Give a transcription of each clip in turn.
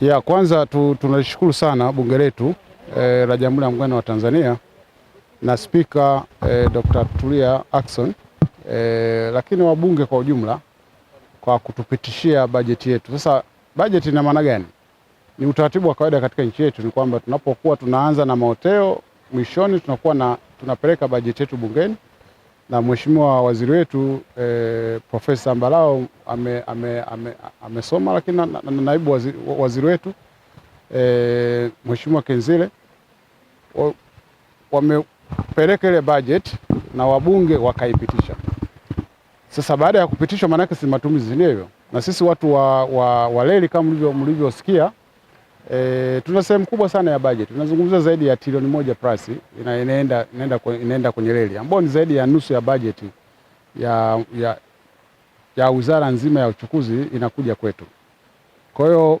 Ya kwanza tu, tunashukuru sana bunge letu eh, la Jamhuri ya Muungano wa Tanzania na Spika eh, Dr. Tulia Ackson eh, lakini wabunge kwa ujumla kwa kutupitishia bajeti yetu. Sasa bajeti ina maana gani? Ni utaratibu wa kawaida katika nchi yetu, ni kwamba tunapokuwa tunaanza na maoteo, mwishoni tunakuwa na tunapeleka bajeti yetu bungeni na mheshimiwa waziri wetu e, Profesa Mbalao amesoma ame, ame, ame lakini na, na, naibu waziri, waziri wetu e, mheshimiwa Kenzile wamepeleka ile bajeti na wabunge wakaipitisha. Sasa baada ya kupitishwa, maanake si matumizi, ndio hivyo na sisi watu wa, wa, wa reli kama mlivyosikia E, tuna sehemu kubwa sana ya bajeti tunazungumza zaidi ya trilioni moja plus ina, inaenda, inaenda, inaenda kwenye reli ambayo ni zaidi ya nusu ya bajeti ya, ya, ya wizara nzima ya uchukuzi inakuja kwetu. Kwa hiyo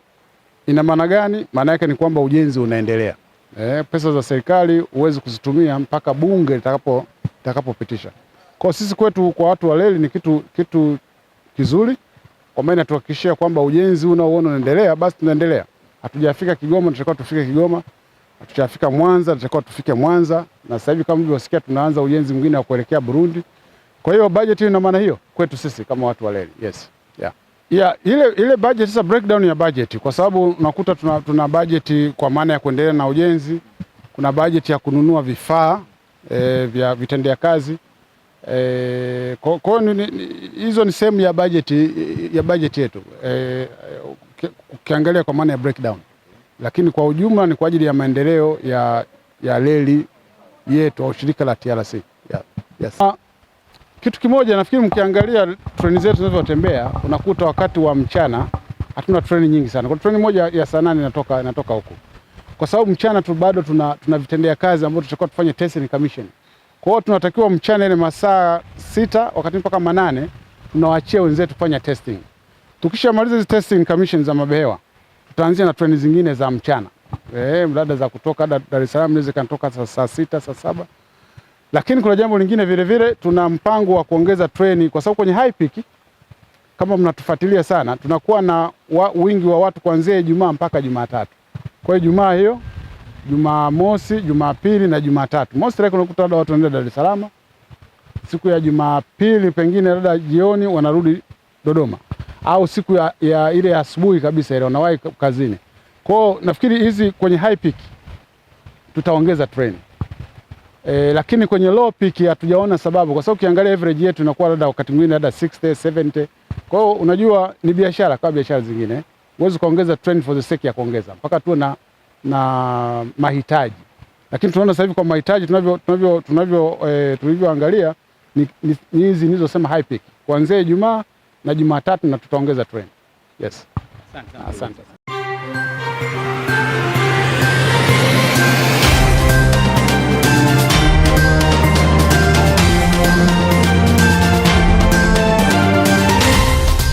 ina maana gani? Maana yake ni kwamba ujenzi unaendelea. E, pesa za serikali huwezi kuzitumia mpaka bunge litakapo litakapopitisha. Kwa sisi kwetu, kwa watu wa reli ni kitu, kitu kizuri kwa maana inatuhakikishia kwamba ujenzi unaoona unaendelea, basi tunaendelea hatujafika Kigoma, tutakuwa tufike Kigoma, hatujafika Mwanza, tutakuwa tufike Mwanza, na sasa hivi kama mlivyosikia, tunaanza ujenzi mwingine wa kuelekea Burundi. Kwa hiyo budget ina maana hiyo kwetu sisi kama watu wa reli. Yes. Yeah. Yeah, ile, ile budget sasa breakdown ya budget kwa sababu unakuta tuna, tuna budget kwa maana ya kuendelea na ujenzi, kuna budget ya kununua vifaa e, vya vitendea kazi e, kwa hiyo hizo ni sehemu ya budget ya budget yetu e, ukiangalia kwa maana ya breakdown, lakini kwa ujumla ni kwa ajili ya maendeleo ya, ya reli yetu au shirika la TRC yeah. Yes. Kitu kimoja nafikiri mkiangalia treni zetu zinazotembea unakuta wakati wa mchana hatuna treni nyingi sana. Kwa treni moja ya saa nane inatoka inatoka huko. Kwa sababu mchana tu bado tuna, tuna vitendea kazi ambavyo tutakuwa tufanye test and commission. Kwa hiyo tunatakiwa mchana ile masaa sita wakati mpaka manane tunawaachia wenzetu kufanya testing. Tukishamaliza hizi testing commission za mabehewa, tutaanzia na treni zingine za mchana eh, mlada za kutoka Dar es Salaam naweza kanatoka saa sita saa saba lakini kuna jambo lingine vile vile, tuna mpango wa kuongeza treni kwa sababu kwenye high peak kama mnatufuatilia sana, tunakuwa na wa, wingi wa watu kuanzia Ijumaa mpaka Jumatatu. Kwa hiyo Ijumaa hiyo, Jumamosi, Jumapili na Jumatatu most likely unakuta labda watu wanaenda Dar es Salaam siku ya Jumapili, pengine labda jioni wanarudi Dodoma au siku ya, ya ile asubuhi kabisa ile unawahi kazini. Kwao nafikiri hizi kwenye high peak tutaongeza train. e, lakini kwenye low peak hatujaona sababu, kwa sababu ukiangalia average yetu inakuwa labda wakati mwingine hata 60 70. Kwa hiyo unajua ni biashara kama biashara zingine, huwezi kuongeza train for the sake ya kuongeza, mpaka tuwe na, na mahitaji. Lakini tunaona sasa hivi kwa mahitaji tunavyo tunavyo tunavyo eh, tulivyoangalia ni hizi ni, nilizosema high peak kuanzia Ijumaa na Jumatatu na tutaongeza treni. Yes, asante.